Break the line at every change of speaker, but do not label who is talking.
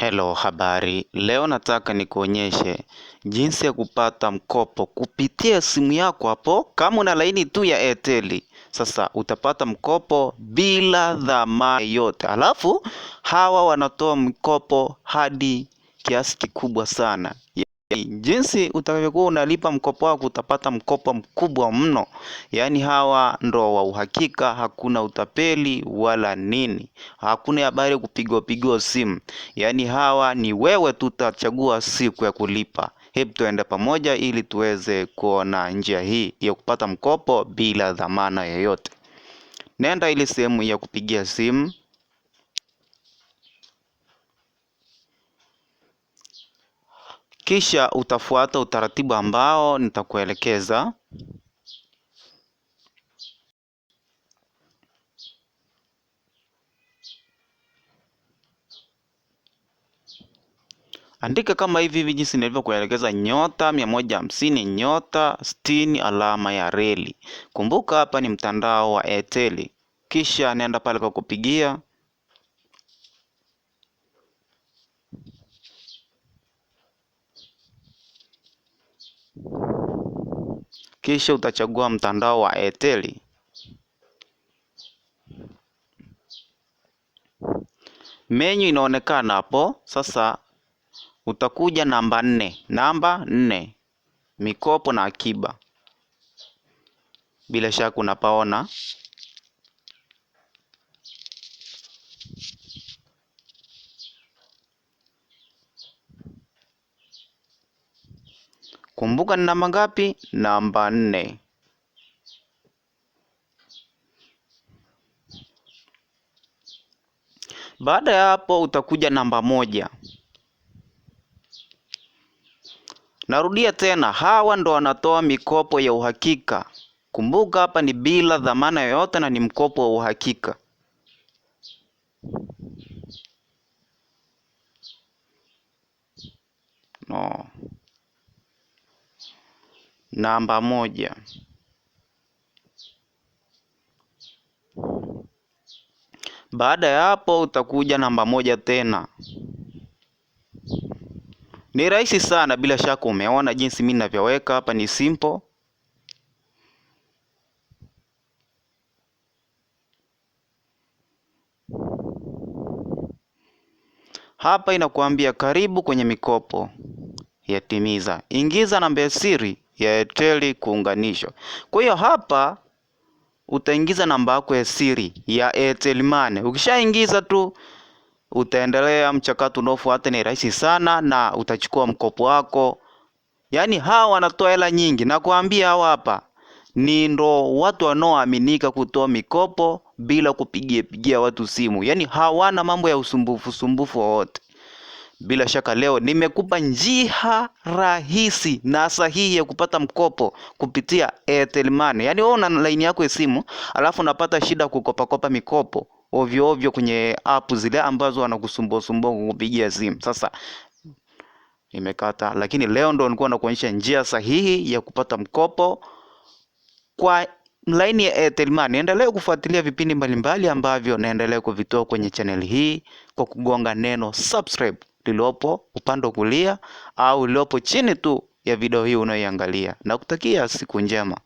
Hello, habari. Leo nataka nikuonyeshe jinsi ya kupata mkopo kupitia simu yako hapo, kama una laini tu ya Airtel. Sasa utapata mkopo bila dhamana yote, alafu hawa wanatoa mkopo hadi kiasi kikubwa sana. Yaani, jinsi utakavyokuwa unalipa mkopo wako, utapata mkopo mkubwa mno. Yaani hawa ndo wa uhakika, hakuna utapeli wala nini, hakuna habari ya kupigwa pigwa simu. Yaani hawa ni wewe tu utachagua siku ya kulipa. Hebu tuende pamoja ili tuweze kuona njia hii ya kupata mkopo bila dhamana yoyote. Nenda ile sehemu ya kupigia simu. Kisha utafuata utaratibu ambao nitakuelekeza. Andika kama hivi hivi jinsi nilivyokuelekeza: nyota mia moja hamsini nyota sitini alama ya reli. Kumbuka hapa ni mtandao wa Airtel. Kisha nenda pale kwa kupigia kisha utachagua mtandao wa Airtel. Menyu inaonekana hapo sasa. Utakuja namba nne, namba nne, mikopo na akiba. Bila shaka unapaona. Kumbuka ni namba ngapi? Namba nne. Baada ya hapo utakuja namba moja. Narudia tena, hawa ndo wanatoa mikopo ya uhakika. Kumbuka hapa ni bila dhamana yoyote na ni mkopo wa uhakika. No namba moja. Baada ya hapo utakuja namba moja tena. Ni rahisi sana, bila shaka umeona jinsi mimi ninavyoweka hapa, ni simple. Hapa inakuambia karibu kwenye mikopo ya Timiza, ingiza namba ya siri ya Airtel kuunganishwa. Kwa hiyo hapa utaingiza namba yako ya siri ya Airtel Money. Ukishaingiza tu utaendelea mchakato unaofuata, ni rahisi sana na utachukua mkopo wako. Yaani hawa wanatoa hela nyingi, nakwambia hawa hapa ni ndo watu wanaoaminika kutoa mikopo bila kupigia pigia watu simu, yaani hawana mambo ya usumbufu sumbufu wowote. Bila shaka leo nimekupa njia rahisi na sahihi ya kupata mkopo kupitia Airtel Money. Yaani wewe una line yako ya simu, alafu unapata shida kopa mikopo ovyo ovyo kwenye app zile ambazo wanakusumbua sumbua kukupigia simu. Sasa nimekata, lakini leo ndo nilikuwa nakuonyesha njia sahihi ya kupata mkopo kwa laini ya Airtel Money. Endelea kufuatilia vipindi mbalimbali ambavyo naendelea kuvitoa kwenye channel hii kwa kugonga neno subscribe lililopo upande wa kulia au lililopo chini tu ya video hii unayoiangalia na kutakia siku njema.